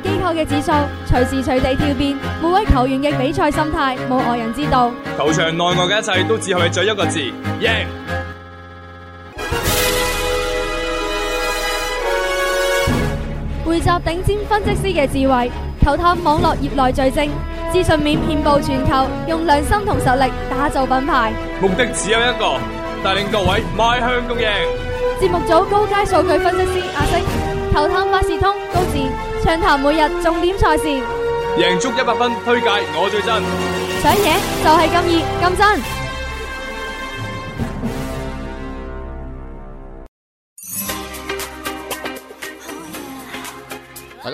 機構嘅指數隨時隨地跳變，每位球員嘅比賽心態冇外人知道。球場內外嘅一切都只係在一個字：贏。匯集頂尖分析師嘅智慧，球探網絡業內最精，資訊面遍佈全球，用良心同實力打造品牌。目的只有一個，帶領各位邁向共贏。節目組高階數據分析師阿星，球探百事通高智。暢談每日重點賽事，贏足一百分，推介我最真，想贏就係咁易咁真。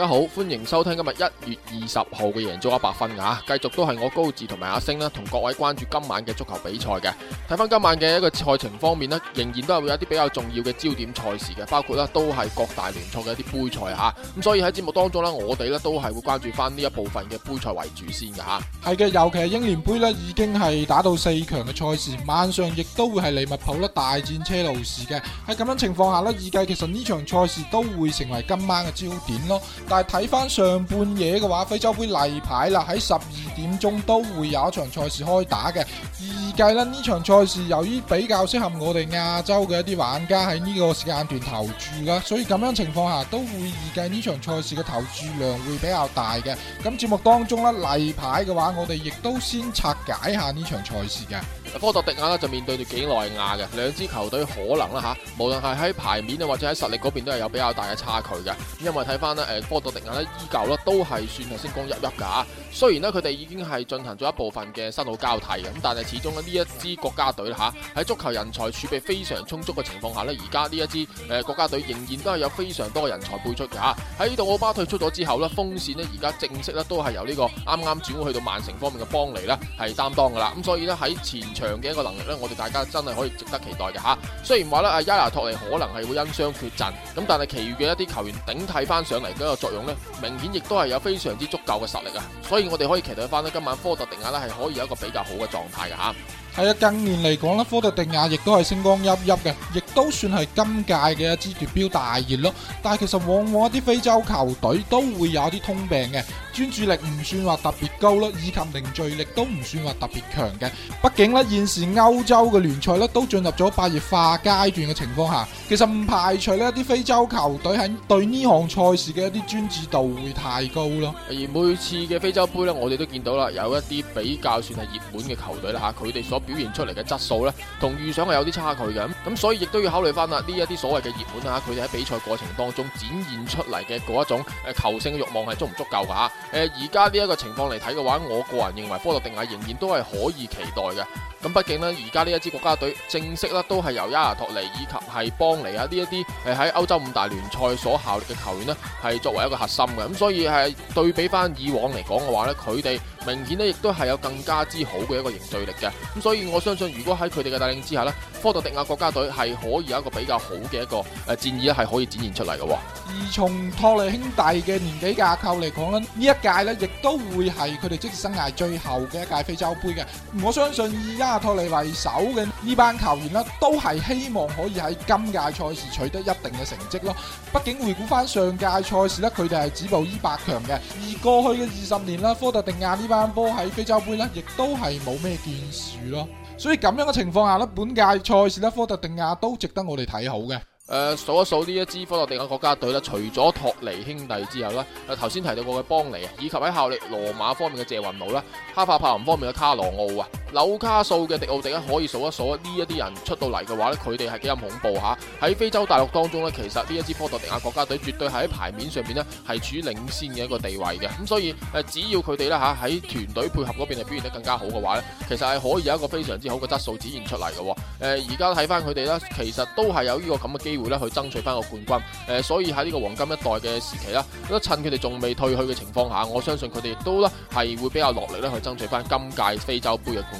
大家好，歡迎收聽今日一月二十號嘅贏足一百分啊！繼續都係我高志同埋阿星啦，同各位關注今晚嘅足球比賽嘅。睇翻今晚嘅一個賽程方面咧，仍然都係會有啲比較重要嘅焦點賽事嘅，包括啦都係各大聯賽嘅一啲杯賽吓。咁、啊、所以喺節目當中我哋咧都係會關注翻呢一部分嘅杯賽為主先嘅吓。係嘅，尤其係英聯杯咧，已經係打到四強嘅賽事，晚上亦都會係利物浦大戰車路士嘅。喺咁樣的情況下咧，預計其實呢場賽事都會成為今晚嘅焦點咯。但係睇翻上半夜嘅話，非洲杯例牌啦，喺十二點鐘都會有一場賽事開打嘅。預計咧，呢場賽事由於比較適合我哋亞洲嘅一啲玩家，喺呢個時間段投注啦，所以咁樣的情況下都會預計呢場賽事嘅投注量會比較大嘅。咁節目當中咧，例牌嘅話，我哋亦都先拆解一下呢場賽事嘅。科托迪亞啦就面對住幾內亞嘅兩支球隊可能啦吓，無論係喺排面啊或者喺實力嗰邊都係有比較大嘅差距嘅，因為睇翻呢，誒科特迪瓦呢，依舊啦都係算係星光熠熠噶吓，雖然呢，佢哋已經係進行咗一部分嘅新老交替嘅，咁但係始終呢一支國家隊吓，喺足球人才儲備非常充足嘅情況下呢，而家呢一支誒國家隊仍然都係有非常多人才輩出嘅吓，喺杜奧巴退出咗之後呢鋒線呢，而家正式咧都係由呢個啱啱轉會去到曼城方面嘅邦尼呢係擔當噶啦，咁所以呢，喺前。長嘅一個能力咧，我哋大家真係可以值得期待嘅吓。雖然話咧阿伊納托尼可能係會因傷缺陣，咁但係其餘嘅一啲球員頂替翻上嚟嘅一個作用咧，明顯亦都係有非常之足夠嘅實力啊。所以我哋可以期待翻咧今晚科特迪亞咧係可以有一個比較好嘅狀態嘅吓。係啊，近年嚟講咧，科特迪亞亦都係星光熠熠嘅，亦都算係今屆嘅一支奪標大熱咯。但係其實往往一啲非洲球隊都會有啲通病嘅，專注力唔算話特別高咯，以及凝聚力都唔算話特別強嘅。畢竟咧，現時歐洲嘅聯賽咧都進入咗白熱化階段嘅情況下，其實唔排除咧一啲非洲球隊喺對呢項賽事嘅一啲專注度會太高咯。而每次嘅非洲杯咧，我哋都見到啦，有一啲比較算係熱門嘅球隊啦吓，佢哋所表現出嚟嘅質素咧，同預想係有啲差距嘅，咁所以亦都要考慮翻啦。呢一啲所謂嘅熱門啊，佢哋喺比賽過程當中展現出嚟嘅嗰一種誒求勝嘅慾望係足唔足夠噶吓。誒，而家呢一個情況嚟睇嘅話，我個人認為科特迪亞仍然都係可以期待嘅。咁畢竟呢，而家呢一支國家隊正式咧都係由伊阿托尼以及係邦尼啊呢一啲係喺歐洲五大聯賽所效力嘅球員呢，係作為一個核心嘅。咁所以係對比翻以往嚟講嘅話呢，佢哋明顯呢亦都係有更加之好嘅一個凝聚力嘅。咁所以我相信，如果喺佢哋嘅帶領之下呢，科特迪亞國家隊係可以有一個比較好嘅一個誒戰意咧，係可以展現出嚟嘅。而從托尼兄弟嘅年紀架構嚟講咧，呢一屆呢亦都會係佢哋職業生涯最後嘅一屆非洲杯嘅。我相信阿托尼為首嘅呢班球員啦，都係希望可以喺今屆賽事取得一定嘅成績咯。畢竟回顧翻上屆賽事咧，佢哋係止步於八強嘅。而過去嘅二十年啦，科特迪亞呢班波喺非洲杯呢亦都係冇咩建樹咯。所以咁樣嘅情況下咧，本屆賽事咧，科特迪亞都值得我哋睇好嘅。誒、呃，數一數呢一支科特迪亞國家隊啦，除咗托尼兄弟之後咧，頭先提到過嘅邦尼啊，以及喺效力羅馬方面嘅謝雲奴，啦，哈法柏林方面嘅卡羅奧啊。紐卡素嘅迪奧迪咧，可以數一數，呢一啲人出到嚟嘅話呢，佢哋係幾咁恐怖吓！喺非洲大陸當中呢，其實呢一支科特迪瓦國家隊絕對係喺牌面上面呢係處於領先嘅一個地位嘅。咁所以誒，只要佢哋呢吓喺團隊配合嗰邊啊表現得更加好嘅話呢，其實係可以有一個非常之好嘅質素展現出嚟嘅。誒，而家睇翻佢哋呢，其實都係有呢個咁嘅機會呢去爭取翻個冠軍。誒，所以喺呢個黃金一代嘅時期啦，趁佢哋仲未退去嘅情況下，我相信佢哋亦都呢係會比較落力呢去爭取翻今屆非洲盃嘅冠軍。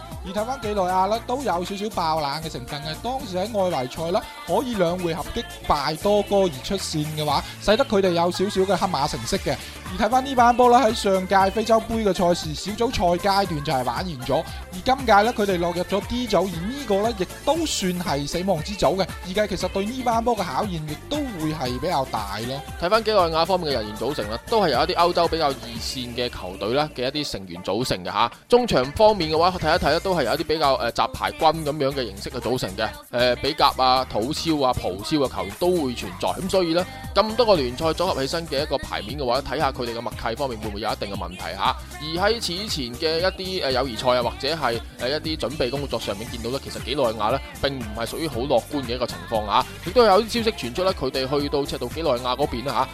而睇翻幾內亞咧，都有少少爆冷嘅成分嘅。當時喺外圍賽咧，可以兩回合擊敗多哥而出線嘅話，使得佢哋有少少嘅黑馬成色嘅。而睇翻呢班波呢，喺上屆非洲杯嘅賽事小組賽階段就係玩完咗，而今屆呢，佢哋落入咗 D 組，而呢個呢亦都算係死亡之組嘅。而家其實對呢班波嘅考驗亦都會係比較大咯。睇翻幾內亞方面嘅人員組成啦，都係由一啲歐洲比較二線嘅球隊啦嘅一啲成員組成嘅嚇。中場方面嘅話，睇一睇咧都。都係有一啲比較誒雜牌軍咁樣嘅形式去組成嘅誒，比甲啊、土超啊、葡超嘅球員都會存在。咁所以呢，咁多個聯賽組合起身嘅一個牌面嘅話，睇下佢哋嘅默契方面會唔會有一定嘅問題嚇。而喺此前嘅一啲誒友誼賽啊，或者係誒一啲準備工作，作上面見到呢，其實幾內亞呢並唔係屬於好樂觀嘅一個情況嚇。亦都有啲消息傳出呢，佢哋去到赤道幾內亞嗰邊啦，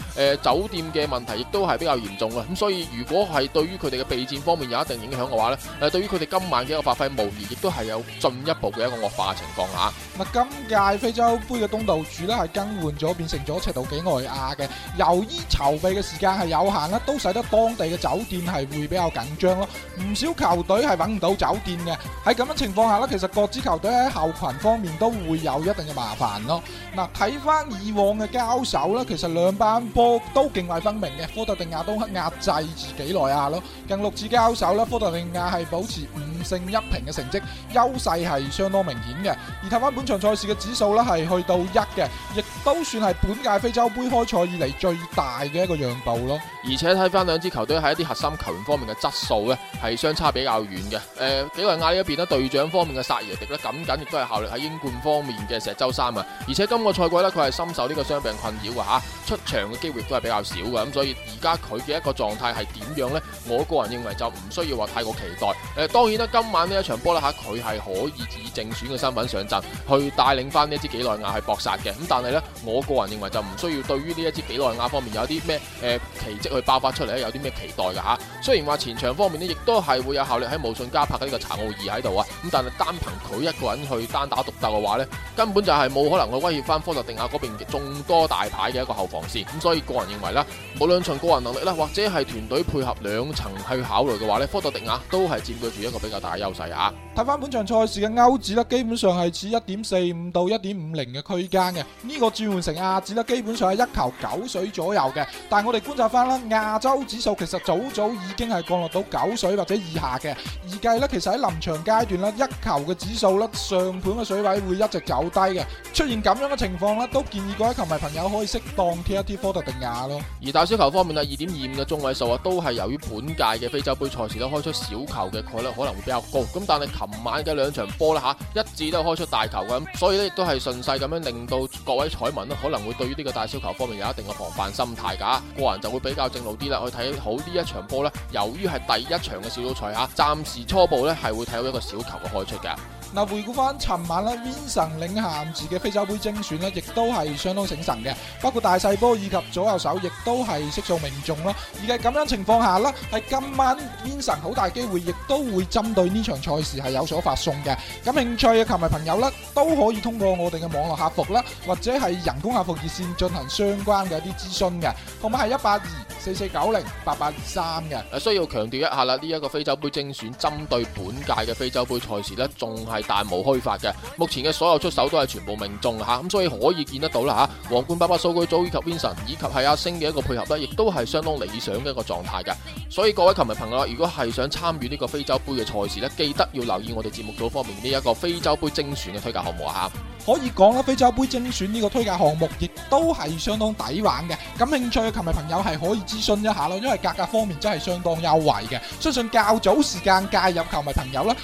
酒店嘅問題亦都係比較嚴重嘅。咁所以如果係對於佢哋嘅備戰方面有一定影響嘅話咧，誒對於佢哋今晚嘅一個發揮。無疑亦都係有進一步嘅一個惡化情況下，嗱，今屆非洲杯嘅東道主咧係更換咗，變成咗赤道幾內亞嘅。由於籌備嘅時間係有限啦，都使得當地嘅酒店係會比較緊張咯，唔少球隊係搵唔到酒店嘅。喺咁樣情況下咧，其實各支球隊喺後勤方面都會有一定嘅麻煩咯。嗱，睇翻以往嘅交手咧，其實兩班波都涇渭分明嘅。科特迪瓦都壓制住幾內亞咯，近六次交手咧，科特迪瓦係保持五勝一平，嘅成績優勢係相當明顯嘅，而睇翻本場賽事嘅指數呢，係去到一嘅，亦都算係本屆非洲杯開賽以嚟最大嘅一個讓步咯。而且睇翻兩支球隊喺一啲核心球員方面嘅質素呢，係相差比較遠嘅。誒、呃，幾個人嗌呢一邊咧，隊長方面嘅薩爾迪呢僅僅，亦都係效力喺英冠方面嘅石周三啊。而且今個賽季呢，佢係深受呢個傷病困擾嘅嚇，出場嘅機會都係比較少嘅。咁所以而家佢嘅一個狀態係點樣呢？我個人認為就唔需要話太過期待。誒、呃，當然啦，今晚呢場波咧吓，佢係可以以正選嘅身份上陣，去帶領翻呢支幾內亞係搏殺嘅。咁但係呢，我個人認為就唔需要對於呢一支幾內亞方面有啲咩誒奇跡去爆發出嚟，有啲咩期待噶吓。雖然話前場方面呢，亦都係會有效力喺慕遜加拍嘅呢個查奧爾喺度啊。咁但係單憑佢一個人去單打獨鬥嘅話呢，根本就係冇可能去威脅翻科特迪瓦嗰邊眾多大牌嘅一個後防線。咁所以個人認為咧，冇兩場個人能力啦，或者係團隊配合兩層去考慮嘅話呢，科特迪瓦都係佔據住一個比較大嘅優勢啊。睇翻本場賽事嘅歐指咧，基本上係喺一點四五到一點五零嘅區間嘅。呢個轉換成亞指咧，基本上係一球九水左右嘅。但係我哋觀察翻啦，亞洲指數其實早早已經係降落到九水或者以下嘅。而計咧，其實喺臨場階段咧，一球嘅指數咧，上盤嘅水位會一直走低嘅。出現咁樣嘅情況咧，都建議各位球迷朋友可以適當貼一貼科特迪瓦咯。而大小球方面啦，二點二五嘅中位數啊，都係由於本屆嘅非洲杯賽事咧，都開出小球嘅概率可能會比較高咁。但係琴晚嘅兩場波咧嚇，一致都開出大球咁，所以咧，亦都係順勢咁樣令到各位彩民咧可能會對於呢個大小球方面有一定嘅防範心態㗎，個人就會比較正路啲啦。去睇好呢一場波咧，由於係第一場嘅小組賽嚇，暫時初步咧係會睇到一個小球嘅開出嘅。嗱，回顧翻尋晚咧，Winson 領銜自己非洲杯精選呢，亦都係相當醒神嘅。包括大細波以及左右手，亦都係悉數命中咯。而喺咁樣情況下呢，喺今晚 Winson 好大機會，亦都會針對呢場賽事係有所發送嘅。感興趣嘅球迷朋友呢，都可以通過我哋嘅網絡客服啦，或者係人工客服熱線進行相關嘅一啲諮詢嘅，號碼係一八二四四九零八八二三嘅。需要強調一下啦，呢、這、一個非洲杯精選針對本屆嘅非洲杯賽事呢，仲係。係彈無虛發嘅，目前嘅所有出手都係全部命中吓，咁、啊、所以可以見得到啦吓。皇冠爸爸數據組以及 Vincent 以及係阿星嘅一個配合呢，亦都係相當理想嘅一個狀態嘅。所以各位球迷朋友，如果係想參與呢個非洲杯嘅賽事呢，記得要留意我哋節目組方面呢一個非洲杯精選嘅推介項目啊！可以講啦，非洲杯精選呢個推介項目亦都係相當抵玩嘅。感興趣嘅球迷朋友係可以諮詢一下咯，因為價格方面真係相當優惠嘅。相信較早時間介入球迷朋友啦。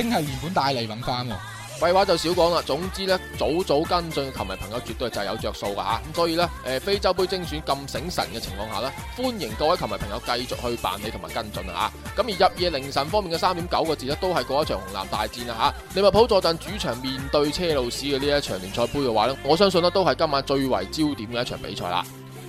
真係原本帶嚟揾翻喎，廢話就少講啦。總之咧，早早跟進嘅球迷朋友絕對係就有着數噶吓。咁所以咧，誒，非洲杯精選咁醒神嘅情況下咧，歡迎各位球迷朋友繼續去辦理同埋跟進啊。咁而入夜凌晨方面嘅三點九個字咧，都係過一場紅藍大戰啦吓。利物浦坐鎮主場面對車路士嘅呢一場聯賽杯嘅話咧，我相信呢都係今晚最為焦點嘅一場比賽啦。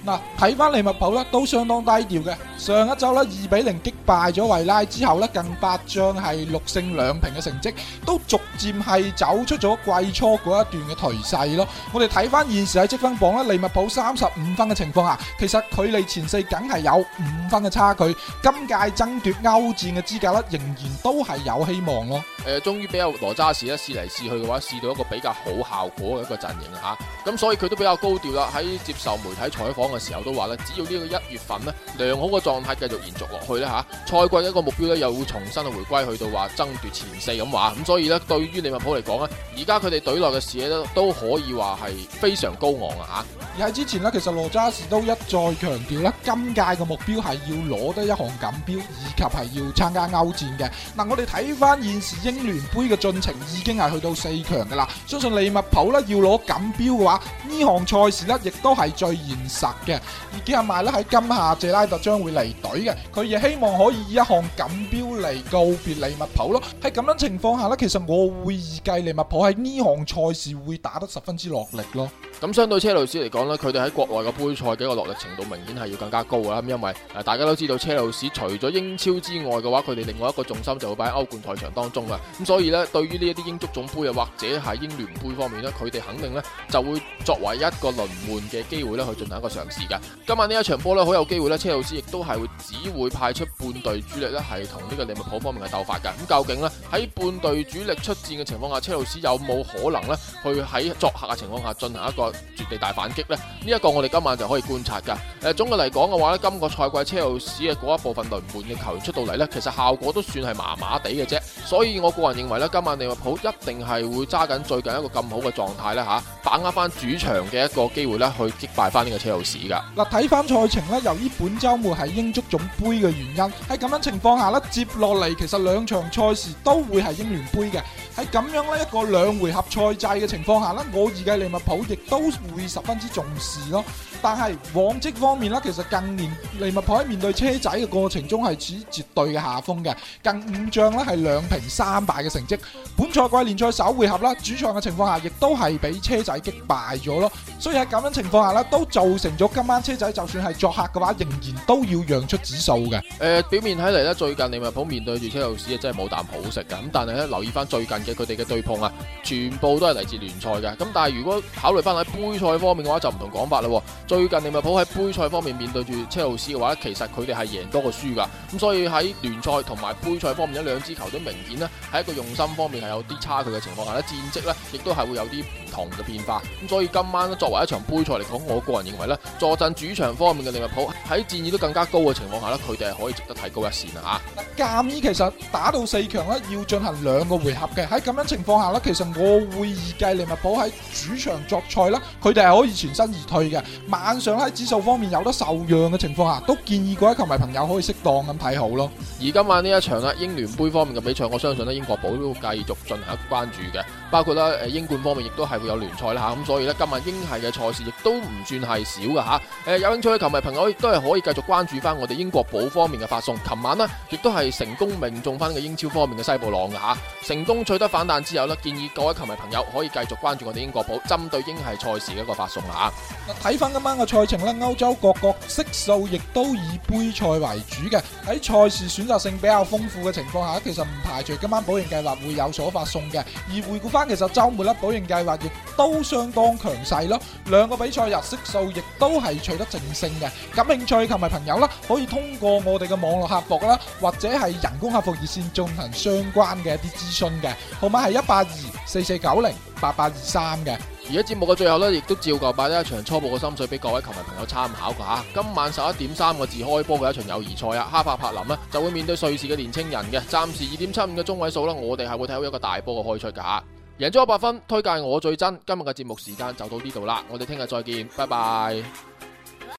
嗱，睇翻利物浦咧，都相當低調嘅。上一週咧，二比零擊敗咗維拉之後咧，近八仗係六勝兩平嘅成績，都逐漸係走出咗季初嗰一段嘅頹勢咯。我哋睇翻現時喺積分榜咧，利物浦三十五分嘅情況下，其實佢離前四梗係有五分嘅差距。今屆爭奪歐戰嘅資格咧，仍然都係有希望咯。誒、呃，終於俾阿羅揸士咧試嚟試去嘅話，試到一個比較好效果嘅一個陣營吓，咁、啊、所以佢都比較高調啦。喺接受媒體採訪嘅的時候都話咧，只要呢個一月份呢，良好嘅狀態繼續延續落去呢吓，賽季一個目標呢又會重新回歸去到話爭奪前四咁話，咁所以呢，對於利物浦嚟講呢，而家佢哋隊內嘅士氣都可以話係非常高昂啊吓。而喺之前呢，其實羅渣士都一再強調呢，今屆嘅目標係要攞得一項錦標，以及係要參加歐戰嘅。嗱，我哋睇翻現時英聯杯嘅進程，已經係去到四強噶啦，相信利物浦呢要攞錦標嘅話，呢項賽事呢亦都係最現實嘅，而且埋咧喺今夏謝拉特將會離隊嘅，佢亦希望可以以一項錦標嚟告別利物浦咯。喺咁樣的情況下咧，其實我會預計利物浦喺呢項賽事會打得十分之落力咯。咁相對車路士嚟講咧，佢哋喺國內嘅杯賽嘅個落力程度明顯係要更加高啦，咁因為誒大家都知道車路士除咗英超之外嘅話，佢哋另外一個重心就會擺喺歐冠賽場當中啦。咁所以咧，對於呢一啲英足總杯啊，或者係英聯杯方面咧，佢哋肯定咧就會作為一個輪換嘅機會咧去進行一個嘗試嘅。今晚呢一場波咧，好有機會咧，車路士亦都係會只會派出半隊主力咧，係同呢個利物浦方面嘅鬥法嘅。咁究竟咧喺半隊主力出戰嘅情況下，車路士有冇可能咧去喺作客嘅情況下進行一個。絕地大反擊呢，呢一個我哋今晚就可以觀察噶。誒，總嘅嚟講嘅話呢，今個賽季車路士嘅嗰一部分輪換嘅球員出到嚟呢，其實效果都算係麻麻地嘅啫。所以我個人認為呢，今晚利物浦一定係會揸緊最近一個咁好嘅狀態呢。吓把握翻主場嘅一個機會呢，去擊敗翻呢個車路士噶。嗱，睇翻賽程呢，由於本周末係英足總杯嘅原因，喺咁樣情況下呢，接落嚟其實兩場賽事都會係英聯杯嘅。喺咁樣呢一個兩回合賽制嘅情況下呢，我預計利物浦亦都都會十分之重視咯。但係往績方面啦，其實近年利物浦喺面對車仔嘅過程中係處於絕對嘅下風嘅，近五仗咧係兩平三敗嘅成績。本賽季聯賽首回合啦，主場嘅情況下亦都係俾車仔擊敗咗咯。所以喺咁樣的情況下啦，都造成咗今晚車仔就算係作客嘅話，仍然都要讓出指數嘅。誒、呃，表面睇嚟咧，最近利物浦面對住車路士啊，真係冇啖好食㗎。咁但係咧，留意翻最近嘅佢哋嘅對碰啊，全部都係嚟自聯賽嘅。咁但係如果考慮翻喺杯賽方面嘅話，就唔同講法啦。最近利物浦喺杯賽方面面對住車路士嘅話，其實佢哋係贏多過輸噶，咁所以喺聯賽同埋杯賽方面呢兩支球隊明顯呢，喺一個用心方面係有啲差距嘅情況下呢，戰績呢亦都係會有啲唔同嘅變化。咁所以今晚作為一場杯賽嚟講，我個人認為呢，坐陣主場方面嘅利物浦喺戰意都更加高嘅情況下呢，佢哋係可以值得睇高一線啊，吓。鑒於其實打到四強呢，要進行兩個回合嘅，喺咁樣的情況下呢，其實我會預計利物浦喺主場作賽啦，佢哋係可以全身而退嘅。晚上喺指數方面有得受讓嘅情況下，都建議各位球迷朋友可以適當咁睇好咯。而今晚呢一場啊，英聯杯方面嘅比賽，我相信咧，英國波都會繼續進行關注嘅。包括啦，誒，英冠方面亦都係會有聯賽啦吓，咁所以咧，今晚英系嘅賽事亦都唔算係少嘅吓。誒，有興趣嘅球迷朋友亦都係可以繼續關注翻我哋英國寶方面嘅發送。琴晚咧，亦都係成功命中翻嘅英超方面嘅西布朗嘅吓，成功取得反彈之後咧，建議各位球迷朋友可以繼續關注我哋英國寶針對英系賽事嘅一個發送啦吓。睇翻今晚嘅賽程啦，歐洲各國色數亦都以杯賽為主嘅，喺賽事選擇性比較豐富嘅情況下，其實唔排除今晚保型計劃會有所發送嘅。而回顧翻。其實周末啦，保盈計劃亦都相當強勢咯。兩個比賽日色數亦都係取得正勝嘅。感興趣同埋朋友啦，可以通過我哋嘅網絡客服啦，或者係人工客服熱線進行相關嘅一啲諮詢嘅。號碼係一八二四四九零。八八二三嘅，而家節目嘅最後呢，亦都照舊擺咗一場初步嘅心水俾各位球迷朋友參考噶吓。今晚十一點三個字開波嘅一場友誼賽啊，哈法柏林呢就會面對瑞士嘅年青人嘅，暫時二點七五嘅中位數呢，我哋係會睇好一個大波嘅開出噶吓，贏咗八分，推介我最真。今日嘅節目時間就到呢度啦，我哋聽日再見，拜拜。